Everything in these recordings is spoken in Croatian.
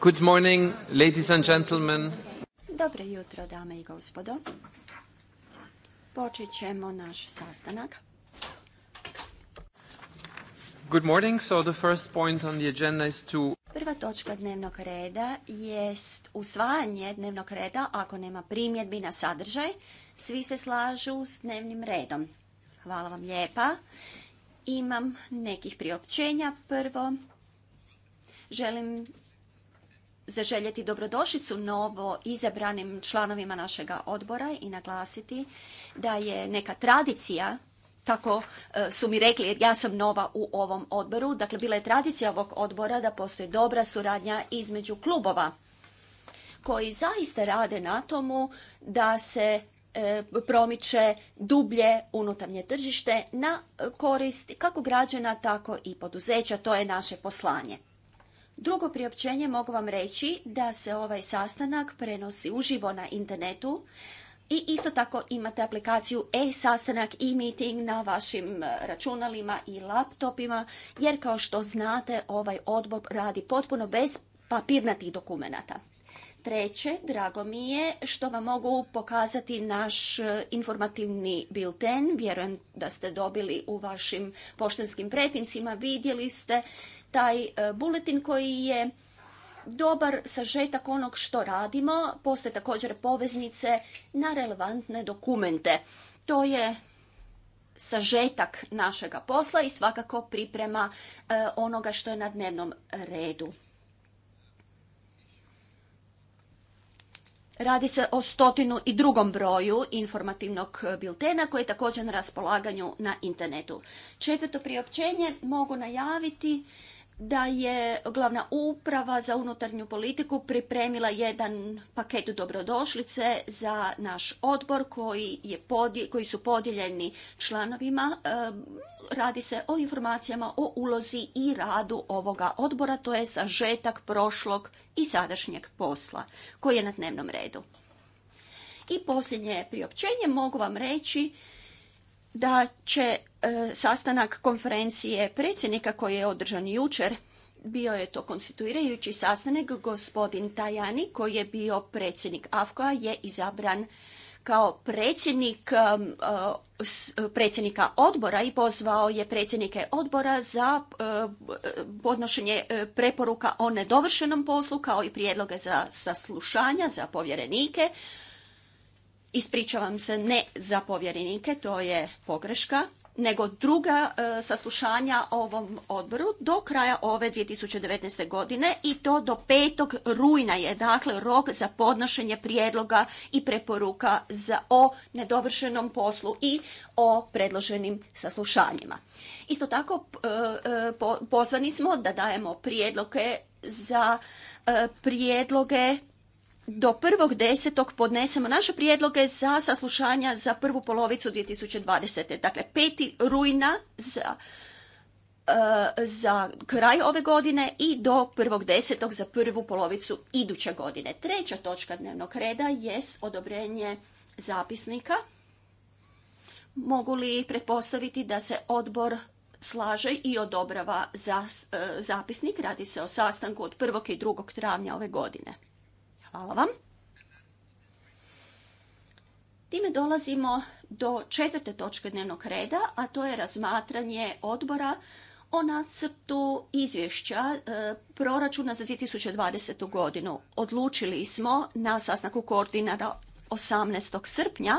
Good morning, ladies and gentlemen. Dobro jutro, dame i gospodo. Počet ćemo naš sastanak. Good morning. So the first point on the agenda is to Prva točka dnevnog reda jest usvajanje dnevnog reda ako nema primjedbi na sadržaj. Svi se slažu s dnevnim redom. Hvala vam lijepa imam nekih priopćenja. Prvo, želim zaželjeti dobrodošicu novo izabranim članovima našega odbora i naglasiti da je neka tradicija tako e, su mi rekli jer ja sam nova u ovom odboru. Dakle, bila je tradicija ovog odbora da postoji dobra suradnja između klubova koji zaista rade na tomu da se E, promiče dublje unutarnje tržište na korist kako građana, tako i poduzeća. To je naše poslanje. Drugo priopćenje mogu vam reći da se ovaj sastanak prenosi uživo na internetu i isto tako imate aplikaciju e-sastanak i meeting na vašim e, računalima i laptopima, jer kao što znate ovaj odbor radi potpuno bez papirnatih dokumenata. Treće, drago mi je što vam mogu pokazati naš e, informativni bilten. Vjerujem da ste dobili u vašim poštanskim pretincima. Vidjeli ste taj e, buletin koji je dobar sažetak onog što radimo. Postoje također poveznice na relevantne dokumente. To je sažetak našega posla i svakako priprema e, onoga što je na dnevnom redu. Radi se o stotinu i drugom broju informativnog e, biltena koji je također na raspolaganju na internetu. Četvrto priopćenje mogu najaviti da je glavna uprava za unutarnju politiku pripremila jedan paket dobrodošlice za naš odbor koji, je koji su podijeljeni članovima. E, radi se o informacijama o ulozi i radu ovoga odbora, to je sažetak prošlog i sadašnjeg posla koji je na dnevnom redu. I posljednje priopćenje mogu vam reći da će e, sastanak konferencije predsjednika koji je održan jučer bio je to konstituirajući sastanak gospodin Tajani koji je bio predsjednik afka je izabran kao predsjednik e, predsjednika odbora i pozvao je predsjednike odbora za e, podnošenje preporuka o nedovršenom poslu kao i prijedloge za saslušanja za povjerenike ispričavam se, ne za povjerenike, to je pogreška, nego druga e, saslušanja ovom odboru do kraja ove 2019. godine i to do 5. rujna je dakle rok za podnošenje prijedloga i preporuka za o nedovršenom poslu i o predloženim saslušanjima. Isto tako e, e, pozvani smo da dajemo prijedloge za prijedloge do prvog desetog podnesemo naše prijedloge za saslušanja za prvu polovicu 2020. Dakle, peti rujna za, e, za kraj ove godine i do prvog desetog za prvu polovicu iduće godine. Treća točka dnevnog reda jest odobrenje zapisnika. Mogu li pretpostaviti da se odbor slaže i odobrava za, e, zapisnik? Radi se o sastanku od 1. i 2. travnja ove godine. Hvala vam. Time dolazimo do četvrte točke dnevnog reda, a to je razmatranje odbora o nacrtu izvješća e, proračuna za 2020. godinu. Odlučili smo na sastanku koordinara 18. srpnja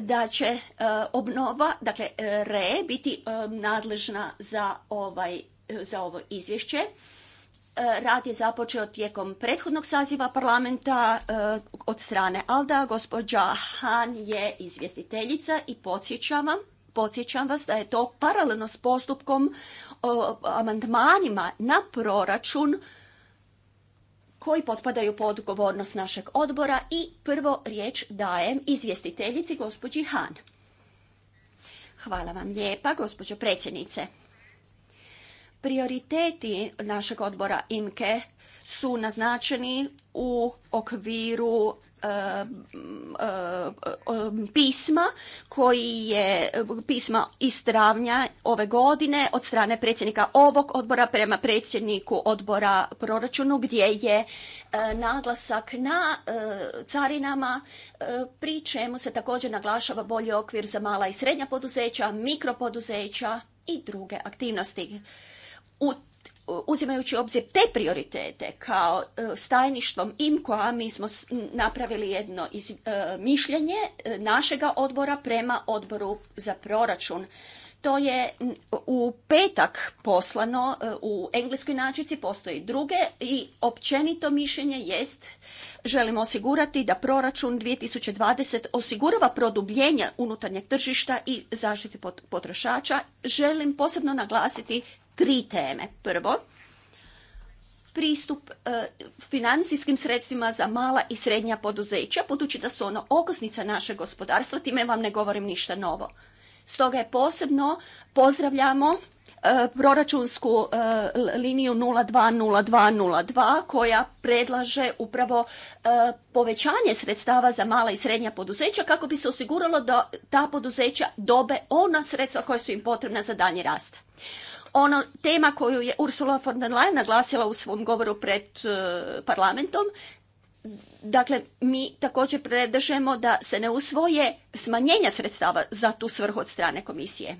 da će e, obnova, dakle RE, biti e, nadležna za, ovaj, za ovo izvješće. Rad je započeo tijekom prethodnog saziva parlamenta eh, od strane Alda. Gospođa Han je izvjestiteljica i podsjećam vam Podsjećam vas da je to paralelno s postupkom o amandmanima na proračun koji potpadaju pod odgovornost našeg odbora i prvo riječ dajem izvjestiteljici gospođi Han. Hvala vam lijepa, gospođo predsjednice. Prioriteti našeg odbora IMKE su naznačeni u okviru e, e, e, pisma koji je pisma iz travnja ove godine od strane predsjednika ovog odbora prema predsjedniku odbora proračunu gdje je naglasak na carinama pri čemu se također naglašava bolji okvir za mala i srednja poduzeća, mikropoduzeća i druge aktivnosti uzimajući obzir te prioritete kao e, s tajništvom IMKO-a mi smo napravili jedno e, mišljenje e, našega odbora prema odboru za proračun. To je u petak poslano u engleskoj načici, postoji druge i općenito mišljenje jest želimo osigurati da proračun 2020 osigurava produbljenje unutarnjeg tržišta i zaštite potrošača. Želim posebno naglasiti tri teme. Prvo, pristup e, financijskim sredstvima za mala i srednja poduzeća, budući da su ono okosnica našeg gospodarstva, time vam ne govorim ništa novo. Stoga je posebno pozdravljamo e, proračunsku e, liniju 020202 koja predlaže upravo povećanje sredstava za mala i srednja poduzeća kako bi se osiguralo da ta poduzeća dobe ona sredstva koja su im potrebna za dalji rast ono tema koju je Ursula von der Leyen naglasila u svom govoru pred e, parlamentom, Dakle, mi također predlažemo da se ne usvoje smanjenja sredstava za tu svrhu od strane komisije.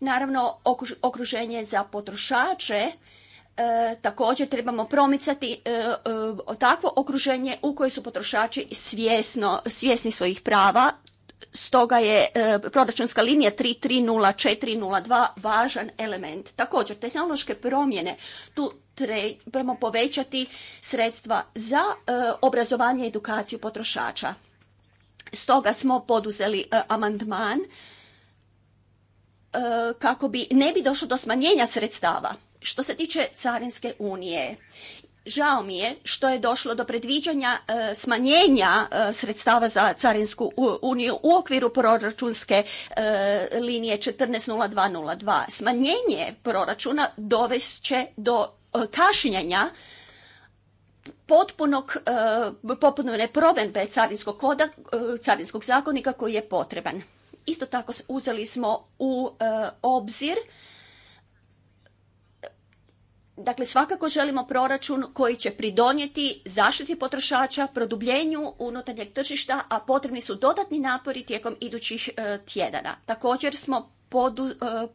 Naravno, okruženje za potrošače e, također trebamo promicati e, e takvo okruženje u kojoj su potrošači svjesno, svjesni svojih prava Stoga je e, proračunska linija 330402 važan element. Također, tehnološke promjene, tu trebamo povećati sredstva za e, obrazovanje i edukaciju potrošača. Stoga smo poduzeli e, amandman e, kako bi ne bi došlo do smanjenja sredstava. Što se tiče Carinske unije, Žao mi je što je došlo do predviđanja e, smanjenja e, sredstava za Carinsku uniju u okviru proračunske e, linije 14.02.02. Smanjenje proračuna dovest će do kašnjenja potpunog, potpunone provedbe carinskog, koda, carinskog zakonika koji je potreban. Isto tako uzeli smo u obzir Dakle, svakako želimo proračun koji će pridonijeti zaštiti potrošača, produbljenju unutarnjeg tržišta, a potrebni su dodatni napori tijekom idućih e, tjedana. Također smo e,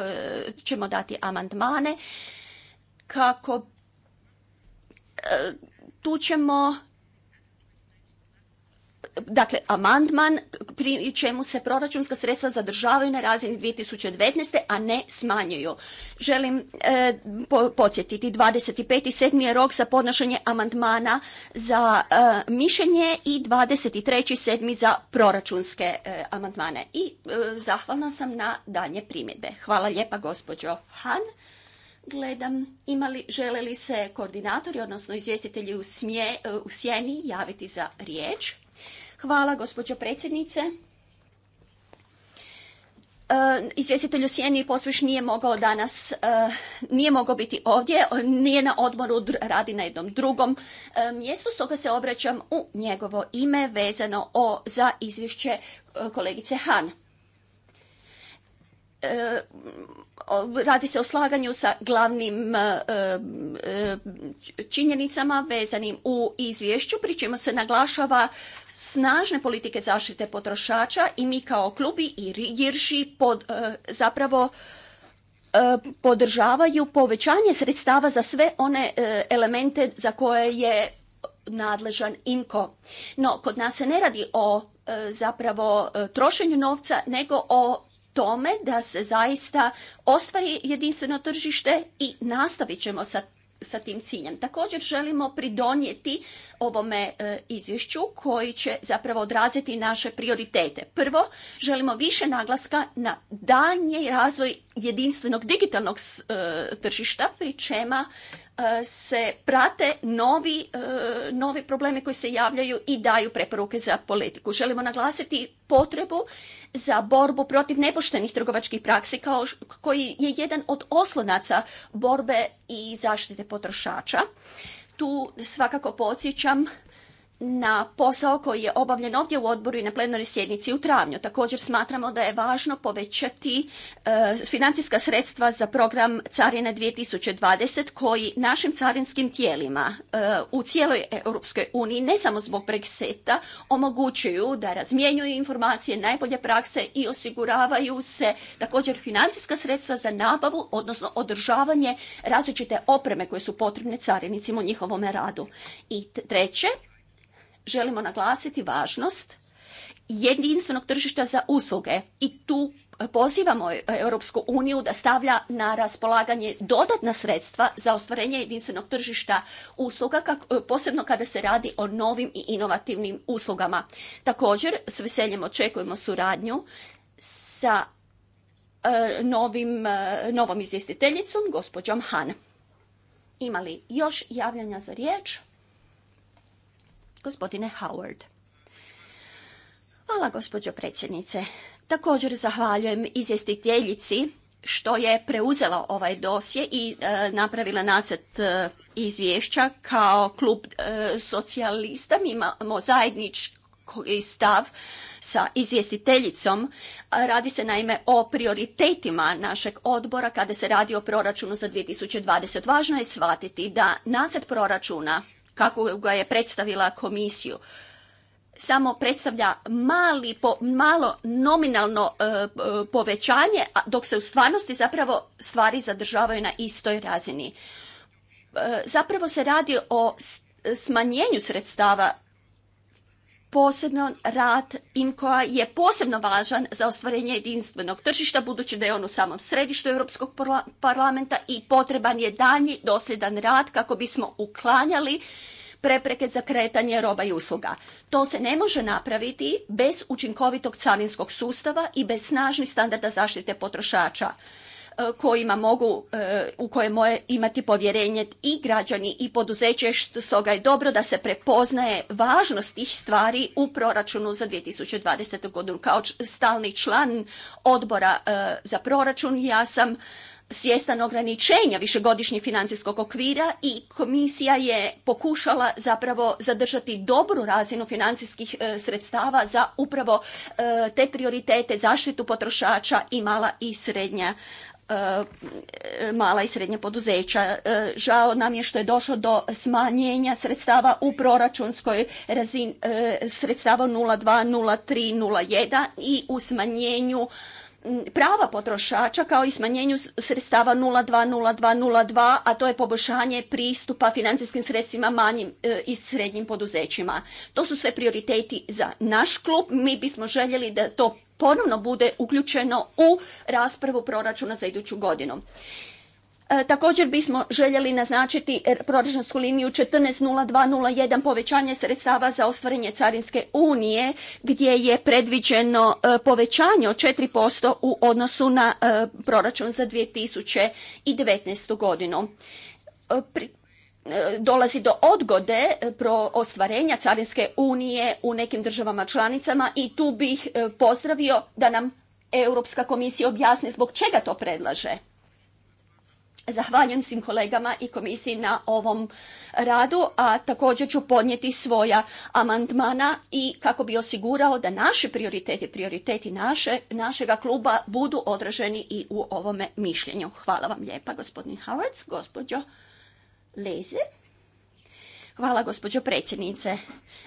e, ćemo dati amandmane kako tu ćemo dakle amandman pri čemu se proračunska sredstva zadržavaju na razini 2019. a ne smanjuju. Želim e, podsjetiti 25.7. je rok za podnošenje amandmana za e, mišljenje i 23.7. za proračunske e, amandmane. I e, zahvalna sam na danje primjedbe. Hvala lijepa gospođo Han gledam imali, žele li se koordinatori, odnosno izvjestitelji u, u sjeni javiti za riječ? Hvala, gospođo predsjednice. E, izvjestitelj Sjeni Posviš nije mogao danas, e, nije mogao biti ovdje, nije na odmoru, radi na jednom drugom e, mjestu, stoga se obraćam u njegovo ime vezano o, za izvješće kolegice Han. E, radi se o slaganju sa glavnim e, e, činjenicama vezanim u izvješću, pri čemu se naglašava snažne politike zaštite potrošača i mi kao klubi i RIGIRŠI zapravo podržavaju povećanje sredstava za sve one elemente za koje je nadležan INKO. No, kod nas se ne radi o zapravo trošenju novca, nego o tome da se zaista ostvari jedinstveno tržište i nastavit ćemo sa sa tim ciljem. Također želimo pridonijeti ovome e, izvješću koji će zapravo odraziti naše prioritete. Prvo, želimo više naglaska na daljnji razvoj jedinstvenog digitalnog e, tržišta, pri čemu se prate novi, e, novi problemi koji se javljaju i daju preporuke za politiku. Želimo naglasiti potrebu za borbu protiv nepoštenih trgovačkih praksi kao koji je jedan od oslonaca borbe i zaštite potrošača. Tu svakako podsjećam na posao koji je obavljen ovdje u odboru i na plenarnoj sjednici u travnju. Također smatramo da je važno povećati e, financijska sredstva za program Carine 2020 koji našim carinskim tijelima e, u cijeloj Europskoj uniji, ne samo zbog Brexita, omogućuju da razmjenjuju informacije, najbolje prakse i osiguravaju se također financijska sredstva za nabavu, odnosno održavanje različite opreme koje su potrebne carinicima u njihovom radu. I treće, želimo naglasiti važnost jedinstvenog tržišta za usluge i tu pozivamo Europsku uniju da stavlja na raspolaganje dodatna sredstva za ostvarenje jedinstvenog tržišta usluga, posebno kada se radi o novim i inovativnim uslugama. Također, s veseljem očekujemo suradnju sa e, novim, e, novom izvjestiteljicom, gospođom Han. Ima li još javljanja za riječ? gospodine Howard. Hvala, gospođo predsjednice. Također zahvaljujem izvjestiteljici što je preuzela ovaj dosje i e, napravila nacrt e, izvješća kao klub e, socijalista. Mi imamo zajednički stav sa izvjestiteljicom. Radi se naime o prioritetima našeg odbora kada se radi o proračunu za 2020. Važno je shvatiti da nacrt proračuna kako ga je predstavila komisiju samo predstavlja mali, malo nominalno e, e povećanje, dok se u stvarnosti zapravo stvari zadržavaju na istoj razini. E, zapravo se radi o smanjenju sredstava posebno rad IMKOA je posebno važan za ostvarenje jedinstvenog tržišta, budući da je on u samom središtu Europskog parlamenta i potreban je danji dosljedan rad kako bismo uklanjali prepreke za kretanje roba i usluga. To se ne može napraviti bez učinkovitog carinskog sustava i bez snažnih standarda zaštite potrošača. E, kojima mogu, e, u koje moje imati povjerenje i građani i poduzeće, stoga je dobro da se prepoznaje važnost tih stvari u proračunu za 2020. godinu. Kao stalni član odbora e, za proračun ja sam svjestan ograničenja višegodišnjeg financijskog okvira i komisija je pokušala zapravo zadržati dobru razinu financijskih sredstava za upravo te prioritete zaštitu potrošača i mala i srednja E, mala i srednja poduzeća. E, žao nam je što je došlo do smanjenja sredstava u proračunskoj razini e, sredstava 0,2, 0,3, 0,1 i u smanjenju prava potrošača kao i smanjenju sredstava 0,2 a to je poboljšanje pristupa financijskim sredstvima manjim i srednjim poduzećima. To su sve prioriteti za naš klub. Mi bismo željeli da to ponovno bude uključeno u raspravu proračuna za iduću godinu. E, također bismo željeli naznačiti er, proračunsku liniju 14.02.01 povećanje sredstava za ostvarenje Carinske unije gdje je predviđeno e, povećanje od 4% u odnosu na e, proračun za 2019. godinu dolazi do odgode e, pro ostvarenja carinske unije u nekim državama članicama i tu bih e, pozdravio da nam Europska komisija objasni zbog čega to predlaže. Zahvaljujem svim kolegama i komisiji na ovom radu, a također ću podnijeti svoja amandmana i kako bi osigurao da naše prioriteti, prioriteti naše, našega kluba budu odraženi i u ovome mišljenju. Hvala vam lijepa, gospodin Havac, gospođo leze. Hvala gospođo predsjednice.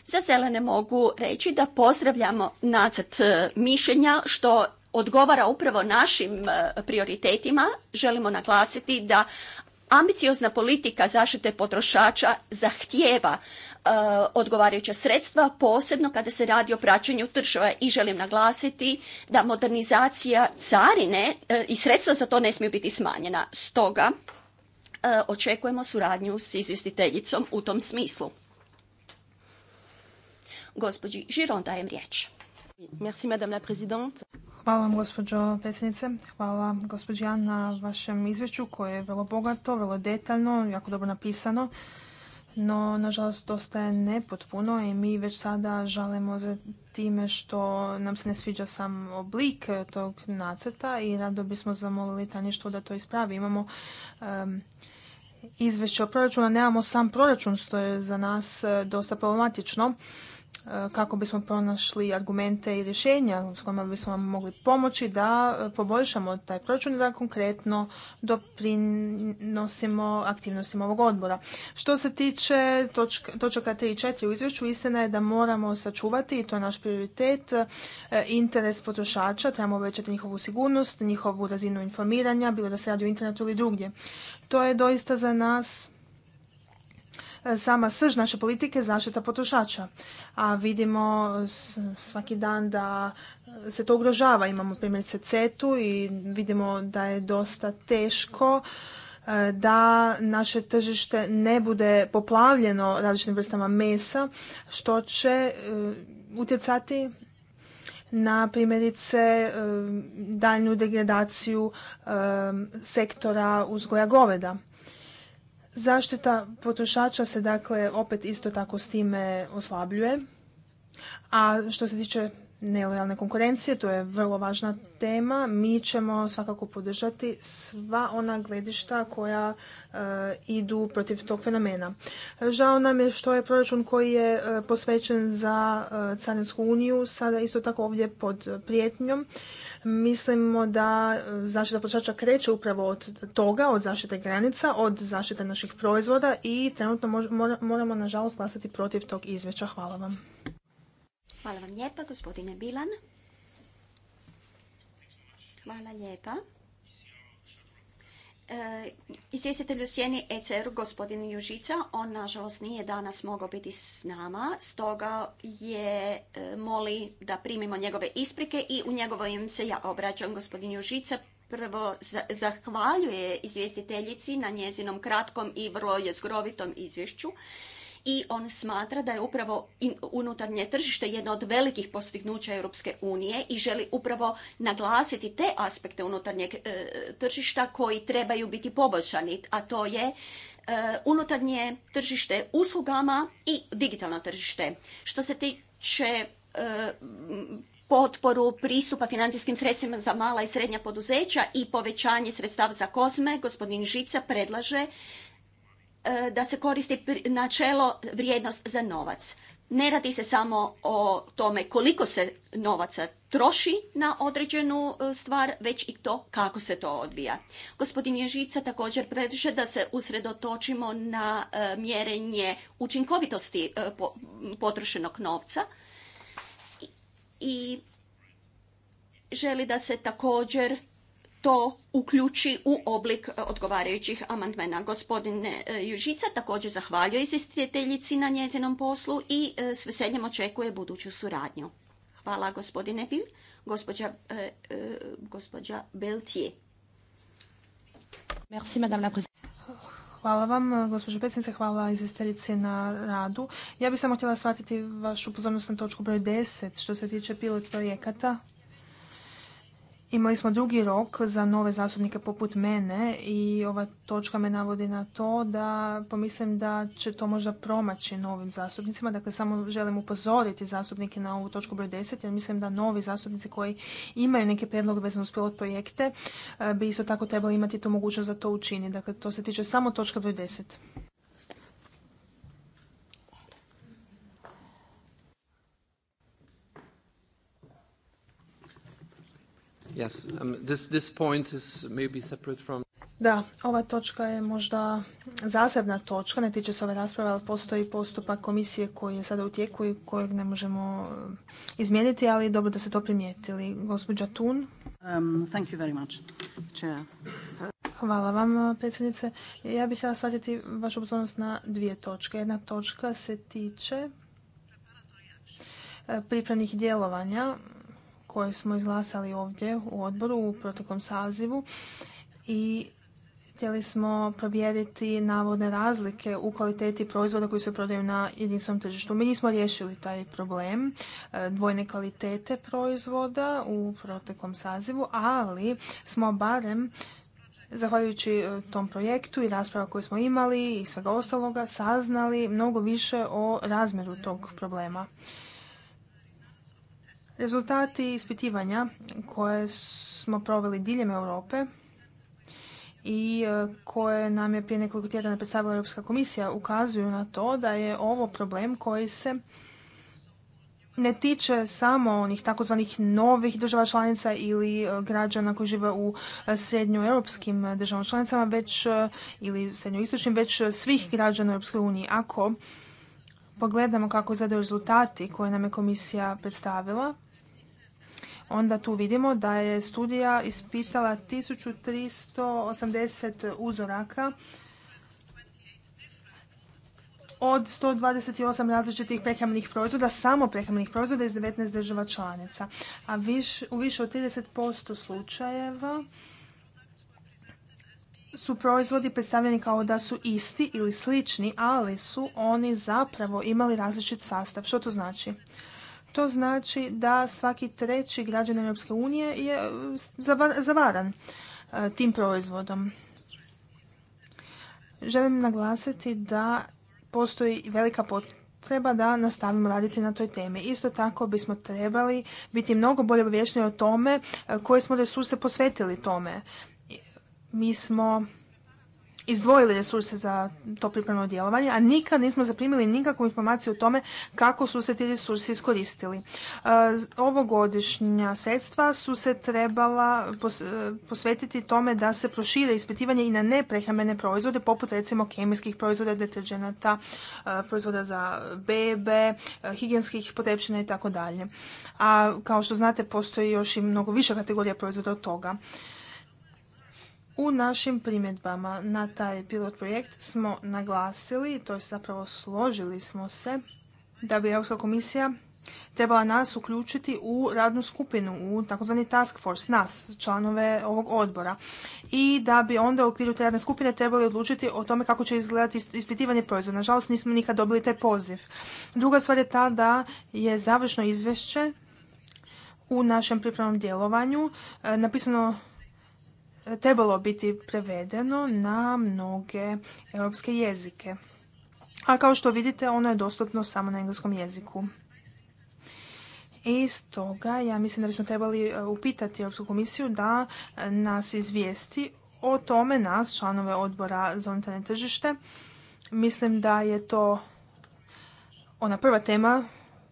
Za zelene mogu reći da pozdravljamo nacrt e, mišljenja što odgovara upravo našim e, prioritetima. Želimo naglasiti da ambiciozna politika zaštite potrošača zahtijeva e, odgovarajuća sredstva, posebno kada se radi o praćenju tržava i želim naglasiti da modernizacija carine i sredstva za to ne smiju biti smanjena. Stoga, E, očekujemo suradnju s izvjestiteljicom u tom smislu. Gospođi Žiron dajem riječ. Merci, madame la présidente. Hvala vam, gospođo predsjednice. Hvala, gospođo na vašem izvješću koje je vrlo bogato, vrlo detaljno, jako dobro napisano no nažalost dosta je nepotpuno i mi već sada žalimo za time što nam se ne sviđa sam oblik tog nacrta i rado bismo zamolili taništvo da to ispravi. Imamo um, izvješće o proračunu, nemamo sam proračun što je za nas eh, dosta problematično E, kako bismo pronašli argumente i rješenja s kojima bismo vam mogli pomoći da e, poboljšamo taj proračun i da konkretno doprinosimo aktivnostima ovog odbora. Što se tiče točaka 3 i 4 u izvješću, istina je da moramo sačuvati, i to je naš prioritet, e, interes potrošača, trebamo uvećati njihovu sigurnost, njihovu razinu informiranja, bilo da se radi o internetu ili drugdje. To je doista za nas sama srž naše politike zaštita potrošača. A vidimo svaki dan da se to ugrožava. Imamo primjerice CETU i vidimo da je dosta teško e, da naše tržište ne bude poplavljeno različitim vrstama mesa, što će e, utjecati na primjerice e, daljnju degradaciju sektora uzgoja goveda. Zaštita potrošača se dakle opet isto tako s time oslabljuje. A što se tiče nelojalne konkurencije, to je vrlo važna tema. Mi ćemo svakako podržati sva ona gledišta koja e, idu protiv tog fenomena. Žao nam je što je proračun koji je e, posvećen za e, Carinsku uniju sada isto tako ovdje pod prijetnjom mislimo da zaštita potrošača kreće upravo od toga, od zaštite granica, od zaštite naših proizvoda i trenutno moramo nažalost glasati protiv tog izvješća. Hvala vam. Hvala vam lijepa, gospodine Bilan. Hvala lijepa. Eh, izvjestitelj u sjeni ECR, gospodin Južica, on nažalost nije danas mogao biti s nama, stoga je eh, moli da primimo njegove isprike i u im se ja obraćam. Gospodin Južica prvo zahvaljuje izvjestiteljici na njezinom kratkom i vrlo jezgrovitom izvješću i on smatra da je upravo unutarnje tržište jedno od velikih postignuća Europske unije i želi upravo naglasiti te aspekte unutarnjeg e, tržišta koji trebaju biti poboljšani, a to je e, unutarnje tržište uslugama i digitalno tržište. Što se tiče e, potporu pristupa financijskim sredstvima za mala i srednja poduzeća i povećanje sredstava za kozme, gospodin Žica predlaže E, da se koristi načelo vrijednost za novac. Ne radi se samo o tome koliko se novaca troši na određenu e, stvar, već i to kako se to odvija. Gospodin Ježica također predlaže da se usredotočimo na e, mjerenje učinkovitosti potrošenog novca i želi da se također to uključi u oblik e, odgovarajućih amandmena. Gospodine e, Južica također zahvaljuje izvjestiteljici na njezinom poslu i e, s veseljem očekuje buduću suradnju. Hvala gospodine Bil, gospođa, Hvala vam, gospođo predsjednice, hvala izvjestiteljici na radu. Ja bih samo htjela shvatiti vašu pozornost na točku broj 10 što se tiče pilot projekata Imali smo drugi rok za nove zastupnike poput mene i ova točka me navodi na to da pomislim da će to možda promaći novim zastupnicima. Dakle, samo želim upozoriti zastupnike na ovu točku broj 10 jer mislim da novi zastupnici koji imaju neke predloge vezano uz pilot projekte eh, bi isto tako trebali imati tu mogućnost da to učini. Dakle, to se tiče samo točka broj 10. Yes, um, Da, ova točka je možda zasebna točka, ne tiče se ove rasprave, ali postoji postupak komisije koji je sada u tijeku i kojeg ne možemo um, izmijeniti, ali dobro da ste to primijetili. Gospođa Tun. Um, Hvala vam, uh, predsjednice. Ja bih htjela shvatiti vašu pozornost na dvije točke. Jedna točka se tiče uh, pripremnih djelovanja koje smo izglasali ovdje u odboru u proteklom sazivu i htjeli smo provjeriti navodne razlike u kvaliteti proizvoda koji se prodaju na jedinstvenom tržištu. Mi nismo riješili taj problem e, dvojne kvalitete proizvoda u proteklom sazivu, ali smo barem Zahvaljujući e, tom projektu i rasprava koju smo imali i svega ostaloga, saznali mnogo više o razmjeru tog problema. Rezultati ispitivanja koje smo proveli diljem Europe i e, koje nam je prije nekoliko tjedana predstavila Europska komisija ukazuju na to da je ovo problem koji se ne tiče samo onih takozvanih novih država članica ili e, građana koji žive u e, srednjoeuropskim državama članicama već ili srednjoistočnim već svih građana Europske unije. Ako pogledamo kako izgledaju rezultati koje nam je komisija predstavila, onda tu vidimo da je studija ispitala 1380 uzoraka od 128 različitih prehrambenih proizvoda, samo prehrambenih proizvoda iz 19 država članica. A u više od 30% slučajeva su proizvodi predstavljeni kao da su isti ili slični, ali su oni zapravo imali različit sastav. Što to znači? To znači da svaki treći građan Europske unije je e, zavaran e, tim proizvodom. Želim naglasiti da postoji velika potreba da nastavimo raditi na toj temi. Isto tako bismo trebali biti mnogo bolje obavješteni o tome e, koje smo resurse posvetili tome. Mi smo izdvojili resurse za to pripremno djelovanje, a nikad nismo zaprimili nikakvu informaciju o tome kako su se ti resursi iskoristili. E, ovogodišnja sredstva su se trebala e, posvetiti tome da se prošire ispitivanje i na neprehrambene proizvode, poput recimo kemijskih proizvoda, deterđenata, e, proizvoda za bebe, higijenskih potrepština i tako dalje. A kao što znate, postoji još i mnogo više kategorija proizvoda od toga. U našim primjedbama na taj pilot projekt smo naglasili, to je zapravo složili smo se, da bi Europska komisija trebala nas uključiti u radnu skupinu, u takozvani task force, nas, članove ovog odbora. I da bi onda u okviru te radne skupine trebali odlučiti o tome kako će izgledati ispitivanje proizvoda. Nažalost, nismo nikad dobili taj poziv. Druga stvar je ta da je završno izvješće u našem pripremnom djelovanju e, napisano trebalo biti prevedeno na mnoge europske jezike. A kao što vidite, ono je dostupno samo na engleskom jeziku. I stoga ja mislim da bismo trebali e, upitati Europsku komisiju da e, nas izvijesti o tome, nas, članove odbora za unutarnje tržište. Mislim da je to ona prva tema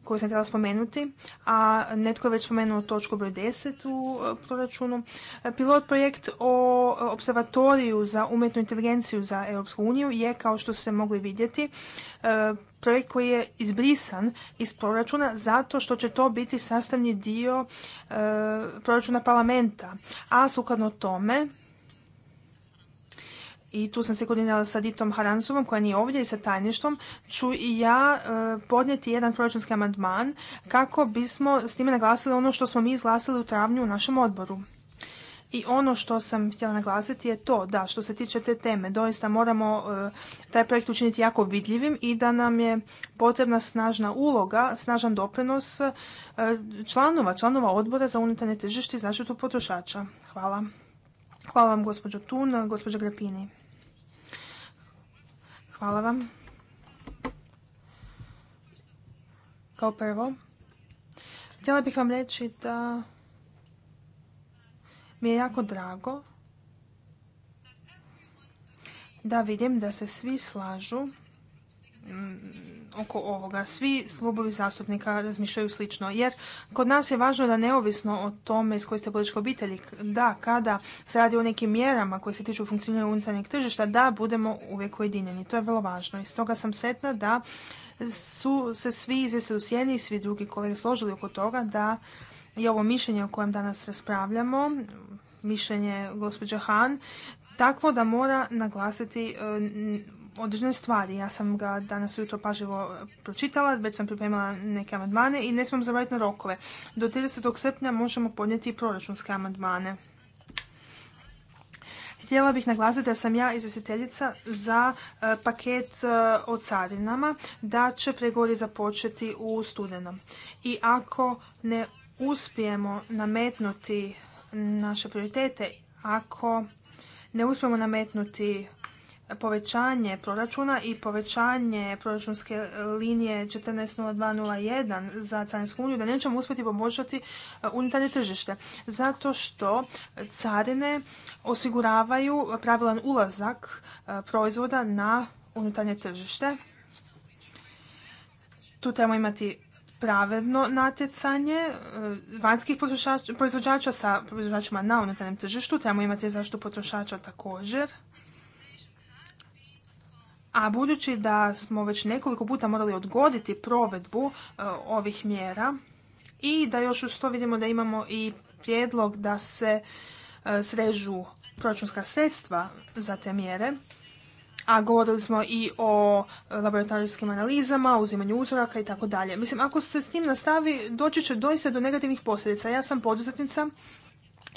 koju sam htjela spomenuti, a netko je već spomenuo točku broj 10 u e, proračunu. E, pilot projekt o e, observatoriju za umjetnu inteligenciju za Europsku uniju je, kao što ste mogli vidjeti, projekt koji je izbrisan iz proračuna zato što će to biti sastavni dio proračuna parlamenta. A sukladno tome, i tu sam se koordinirala sa Ditom Haransovom koja nije ovdje i sa tajništvom, ću i ja e, podnijeti jedan proračunski amandman kako bismo s time naglasili ono što smo mi izglasili u travnju u našem odboru. I ono što sam htjela naglasiti je to da što se tiče te teme doista moramo e, taj projekt učiniti jako vidljivim i da nam je potrebna snažna uloga, snažan doprinos e, članova, članova odbora za unutarnje tržište i zaštitu potrošača. Hvala. Hvala vam gospođo Tun, gospođo Grepini. Hvala vam. Kao prvo, htjela bih vam reći da mi je jako drago da vidim da se svi slažu Mm, oko ovoga. Svi slubovi zastupnika razmišljaju slično, jer kod nas je važno da neovisno o tome s koje ste političke obitelji, da kada se radi o nekim mjerama koje se tiču funkcioniranja unutarnjeg tržišta, da budemo uvijek ujedinjeni. To je vrlo važno i stoga sam setna da su se svi izvjestili u sjeni i svi drugi kolege složili oko toga da je ovo mišljenje o kojem danas raspravljamo, mišljenje gospođa Han, takvo da mora naglasiti e, određene stvari. Ja sam ga danas ujutro pažljivo e, pročitala, već sam pripremila neke amandmane i ne smijem zaboraviti na rokove. Do 30. srpnja možemo podnijeti i proračunske amandmane. Htjela bih naglasiti da sam ja izvjestiteljica za e, paket e, o carinama, da će pregori započeti u studenom. I ako ne uspijemo nametnuti naše prioritete, ako ne uspijemo nametnuti povećanje proračuna i povećanje proračunske linije 14.02.01 za Carinsku uniju, da nećemo uspjeti poboljšati e, unutarnje tržište. Zato što carine osiguravaju pravilan ulazak e, proizvoda na unutarnje tržište. Tu trebamo imati pravedno natjecanje e, vanjskih proizvođača sa proizvođačima na unutarnjem tržištu. Trebamo imati zaštitu potrošača također a budući da smo već nekoliko puta morali odgoditi provedbu e, ovih mjera i da još uz to vidimo da imamo i prijedlog da se e, srežu proračunska sredstva za te mjere, a govorili smo i o laboratorijskim analizama, uzimanju uzoraka i tako dalje. Mislim, ako se s tim nastavi, doći će doista do negativnih posljedica. Ja sam poduzetnica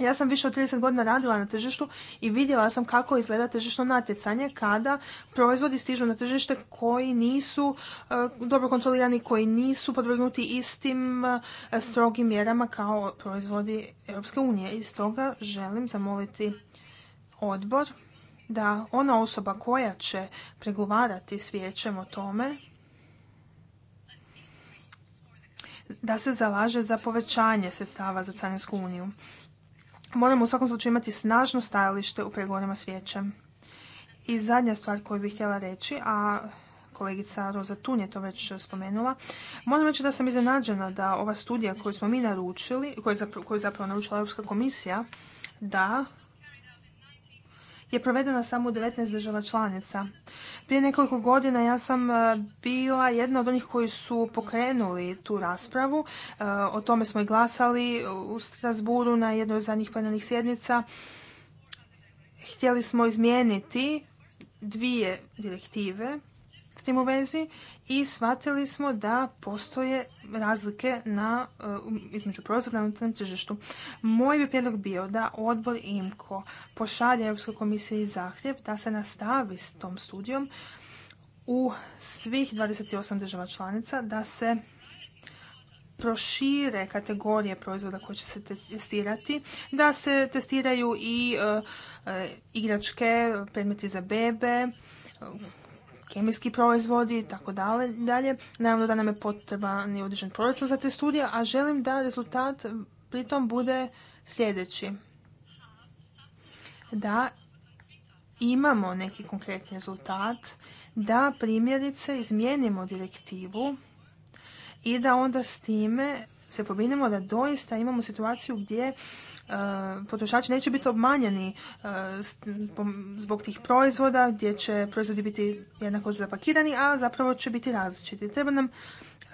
ja sam više od 30 godina radila na tržištu i vidjela sam kako izgleda tržišno natjecanje kada proizvodi stižu na tržište koji nisu eh, dobro kontrolirani, koji nisu podvrgnuti istim eh, strogim mjerama kao proizvodi Europske unije. I stoga želim zamoliti odbor da ona osoba koja će pregovarati s vijećem o tome da se zalaže za povećanje sredstava za Carinsku uniju moramo u svakom slučaju imati snažno stajalište u pregovorima s I zadnja stvar koju bih htjela reći, a kolegica Roza Tun je to već spomenula. Moram reći da sam iznenađena da ova studija koju smo mi naručili, koju je zapravo naručila Europska komisija, da je provedena samo u 19 država članica. Prije nekoliko godina ja sam e, bila jedna od onih koji su pokrenuli tu raspravu. E, o tome smo i glasali u Strasburu na jednoj od zadnjih plenarnih sjednica. Htjeli smo izmijeniti dvije direktive s tim u vezi i shvatili smo da postoje razlike na, e, između proizvoda na unutarnjem tržištu. Moj bi prijedlog bio da odbor IMCO pošalje Europskoj komisiji zahtjev da se nastavi s tom studijom u svih 28 država članica, da se prošire kategorije proizvoda koje će se testirati, da se testiraju i e, e, igračke, predmeti za bebe, kemijski proizvodi i tako dalje. Naravno da nam je potreban i proračun za te studije, a želim da rezultat pritom bude sljedeći. Da imamo neki konkretni rezultat, da primjerice izmijenimo direktivu i da onda s time se pobinimo da doista imamo situaciju gdje E, potrošači neće biti obmanjeni e, zbog tih proizvoda gdje će proizvodi biti jednako zapakirani, a zapravo će biti različiti. Treba nam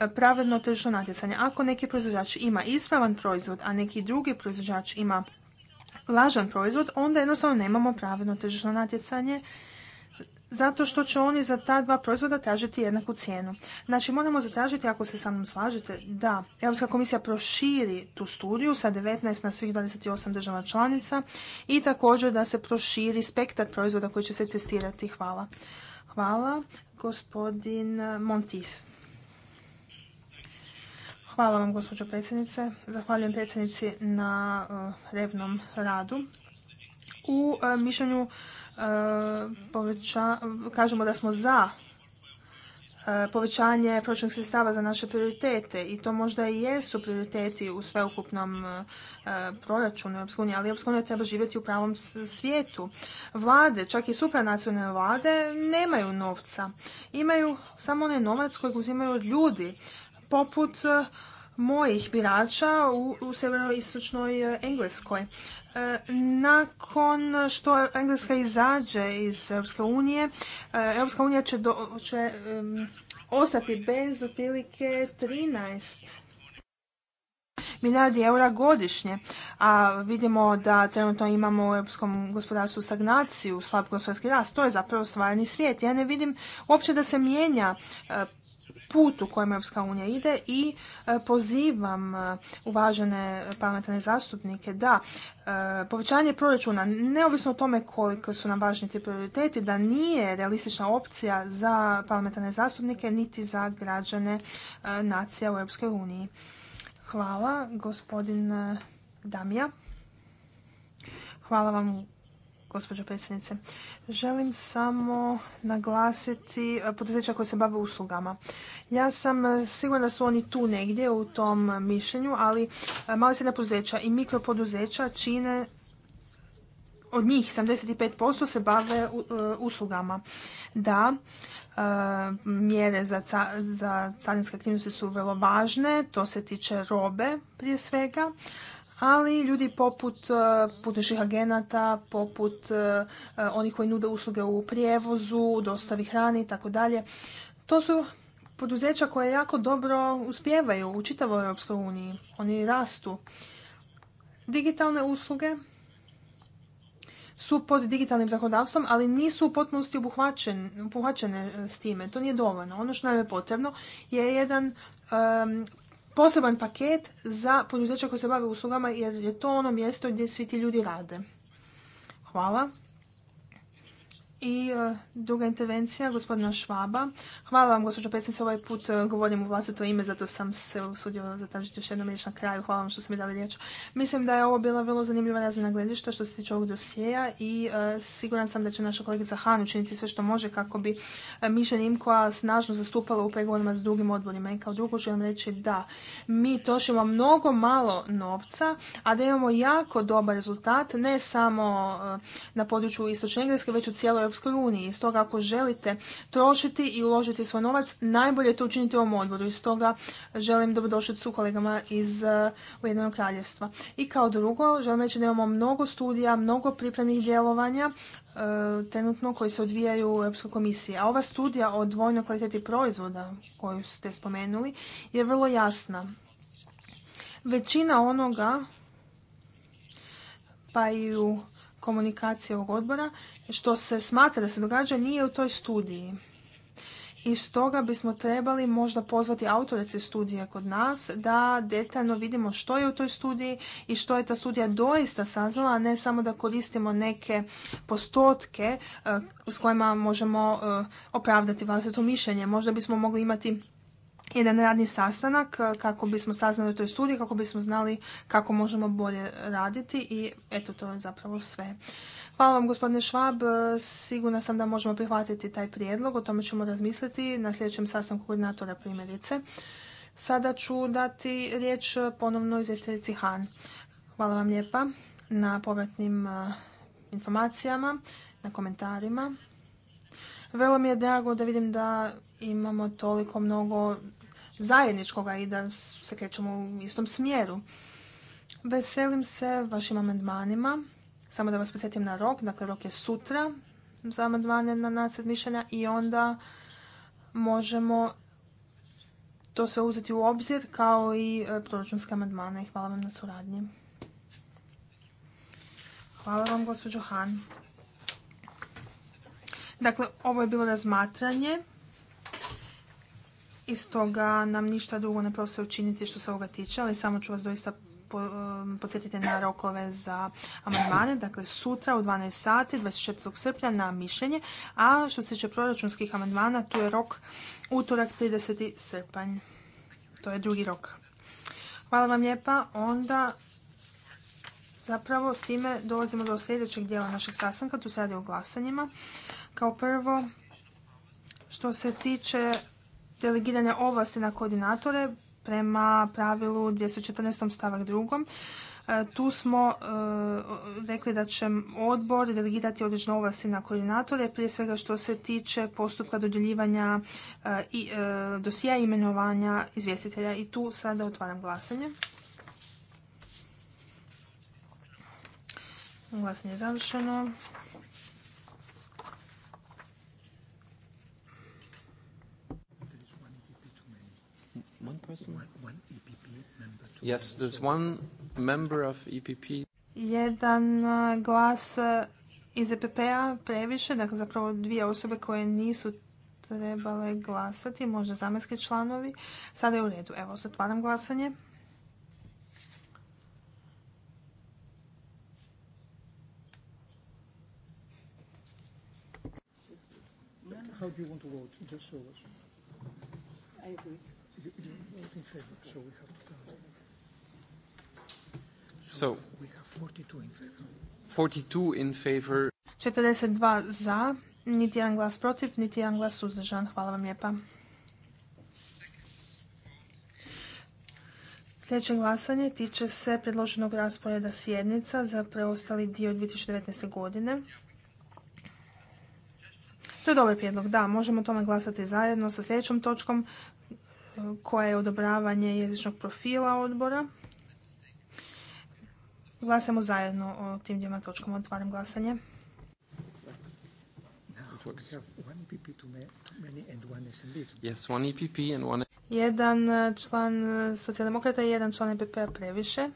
e, pravedno tržišno natjecanje. Ako neki proizvođač ima ispravan proizvod, a neki drugi proizvođač ima lažan proizvod, onda jednostavno nemamo pravedno tržišno natjecanje zato što će oni za ta dva proizvoda tražiti jednaku cijenu. Znači moramo zatražiti, ako se sa mnom slažete, da Europska komisija proširi tu studiju sa 19 na svih 28 država članica i također da se proširi spektar proizvoda koji će se testirati. Hvala. Hvala, gospodin Montif. Hvala vam, gospođo predsjednice. Zahvaljujem predsjednici na uh, revnom radu. U e, mišljenju e, kažemo da smo za e, povećanje proračunskih sredstava za naše prioritete i to možda i jesu prioriteti u sveukupnom proračunu Europske unije, ali Europska treba živjeti u pravom svijetu. Vlade, čak i supranacionalne vlade, nemaju novca. Imaju samo onaj novac kojeg uzimaju od ljudi, poput mojih birača u, u severoistočnoj e, Engleskoj. E, nakon što Engleska izađe iz Europske unije, e, Europska unija će, ostati bez otprilike 13 milijardi eura godišnje. A vidimo da trenutno imamo u europskom gospodarstvu stagnaciju, slab gospodarski rast. To je zapravo stvarni svijet. Ja ne vidim uopće da se mijenja put u kojem Europska unija ide i e, pozivam e, uvažene parlamentarne zastupnike da e, povećanje proračuna, neovisno o tome koliko su nam važni ti prioriteti, da nije realistična opcija za parlamentarne zastupnike niti za građane nacija u Europskoj uniji. Hvala, gospodin Damija. Hvala vam gospođo predsjednice. Želim samo naglasiti e, poduzeća koje se bave uslugama. Ja sam e, sigurna da su oni tu negdje u tom mišljenju, ali e, mala se poduzeća i mikropoduzeća čine od njih 75% se bave uslugama. Da, mjere za, za carinske aktivnosti su vrlo važne, to se tiče robe prije svega, ali ljudi poput e, putničkih agenata, poput e, e, onih koji nude usluge u prijevozu, dostavi hrani i tako dalje. To su poduzeća koje jako dobro uspijevaju u čitavoj Europskoj uniji. Oni rastu. Digitalne usluge su pod digitalnim zakonodavstvom, ali nisu u potpunosti obuhvaćene s time. To nije dovoljno. Ono što nam je potrebno je jedan poseban paket za poduzeća koje se bave uslugama jer je to ono mjesto gdje svi ti ljudi rade. Hvala. I e, druga intervencija, gospodina Švaba. Hvala vam, gospođo predsjednice, ovaj put e, govorim u vlastito ime, zato sam se usudio zatražiti još jednom riječ na kraju. Hvala vam što ste mi dali riječ. Mislim da je ovo bila vrlo zanimljiva razmjena gledišta što se tiče ovog dosijeja i e, siguran sam da će naša kolegica Han učiniti sve što može kako bi Miša Nimkoa snažno zastupala u pregovorima s drugim odborima. I kao drugo želim reći da mi trošimo mnogo malo novca, a da imamo jako dobar rezultat, ne samo na području Istočne Engleske, već u cijeloj Europskoj uniji. Stoga ako želite trošiti i uložiti svoj novac, najbolje je to učiniti u ovom odboru. I stoga želim su kolegama iz uh, Ujedinog kraljevstva. I kao drugo, želim reći da imamo mnogo studija, mnogo pripremnih djelovanja uh, trenutno koji se odvijaju u Europskoj komisiji. A ova studija o dvojnoj kvaliteti proizvoda koju ste spomenuli je vrlo jasna. Većina onoga pa i u komunikacije ovog odbora, što se smatra da se događa, nije u toj studiji. I stoga bismo trebali možda pozvati autore te studije kod nas da detaljno vidimo što je u toj studiji i što je ta studija doista saznala, a ne samo da koristimo neke postotke eh, s kojima možemo eh, opravdati vlastito mišljenje. Možda bismo mogli imati jedan radni sastanak e, kako bismo saznali o toj studiji, kako bismo znali kako možemo bolje raditi i eto to je zapravo sve. Hvala vam gospodine Švab, e, sigurna sam da možemo prihvatiti taj prijedlog, o tome ćemo razmisliti na sljedećem sastanku koordinatora primjerice. Sada ću dati riječ ponovno izvjestiteljici Han. Hvala vam lijepa na povratnim e, informacijama, na komentarima. Velo mi je drago da vidim da imamo toliko mnogo zajedničkoga i da se krećemo u istom smjeru. Veselim se vašim amandmanima. Samo da vas posjetim na rok. Dakle, rok je sutra za amandmane na nacrt mišljenja i onda možemo to sve uzeti u obzir kao i e, proračunske amandmane. Hvala vam na suradnji. Hvala vam, gospođo Han. Dakle, ovo je bilo razmatranje i stoga nam ništa drugo ne preostaje učiniti što se ovoga tiče, ali samo ću vas doista um, podsjetiti na rokove za amandmane, dakle sutra u 12 sati 24. srpnja na mišljenje, a što se tiče proračunskih amandmana tu je rok utorak 30. srpanj. To je drugi rok. Hvala vam lijepa. Onda zapravo s time dolazimo do sljedećeg dijela našeg sastanka, tu se radi o glasanjima. Kao prvo, što se tiče Delegiranja ovlasti na koordinatore prema pravilu 214. stavak 2. E, tu smo e, rekli da će odbor delegirati određene ovlasti na koordinatore, prije svega što se tiče postupka dodjeljivanja e, i dosija imenovanja izvjestitelja. I tu sada otvaram glasanje. Glasanje je završeno. person? E yes, there's one member of e Jedan uh, glas uh, iz EPP-a previše, dakle zapravo dvije osobe koje nisu trebale glasati, možda zamjenski članovi. Sada je u redu. Evo, zatvaram glasanje. How So, 42 in favor. 42 za, niti jedan glas protiv, niti jedan glas suzdržan. Hvala vam lijepa. Sljedeće glasanje tiče se predloženog rasporeda sjednica za preostali dio 2019. godine. To je dobar prijedlog, da, možemo tome glasati zajedno sa sljedećom točkom koje je odobravanje jezičnog profila odbora. Glasamo zajedno o tim dvijema točkama. Otvaram glasanje. E jedan član socijaldemokrata i jedan član EPP-a previše.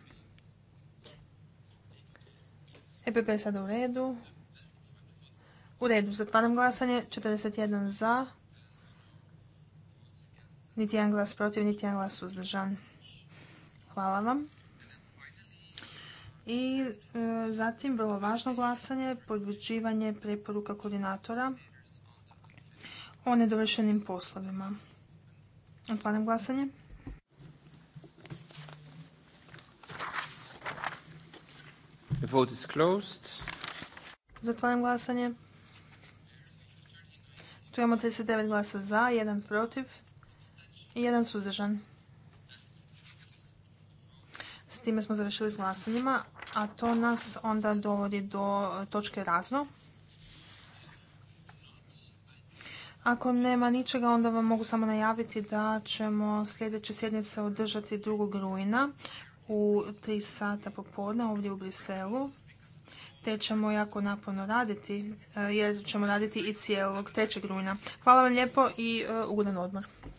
EPP je sada u redu. U redu, zatvaram glasanje. 41 za, niti jedan glas protiv, niti jedan glas uzdržan. Hvala vam. I e, zatim vrlo važno glasanje, podvrđivanje preporuka koordinatora o nedovršenim poslovima. Otvaram glasanje. The Zatvaram glasanje. Tu imamo 39 glasa za, jedan protiv i jedan suzdržan. S time smo završili s glasanjima, a to nas onda dovodi do točke razno. Ako nema ničega, onda vam mogu samo najaviti da ćemo sljedeće sjednice održati 2. rujna u 3 sata popodne ovdje u Briselu. Te ćemo jako naporno raditi, e, jer ćemo raditi i cijelog 3. rujna. Hvala vam lijepo i e, ugodan odmor.